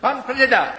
Pan předseda.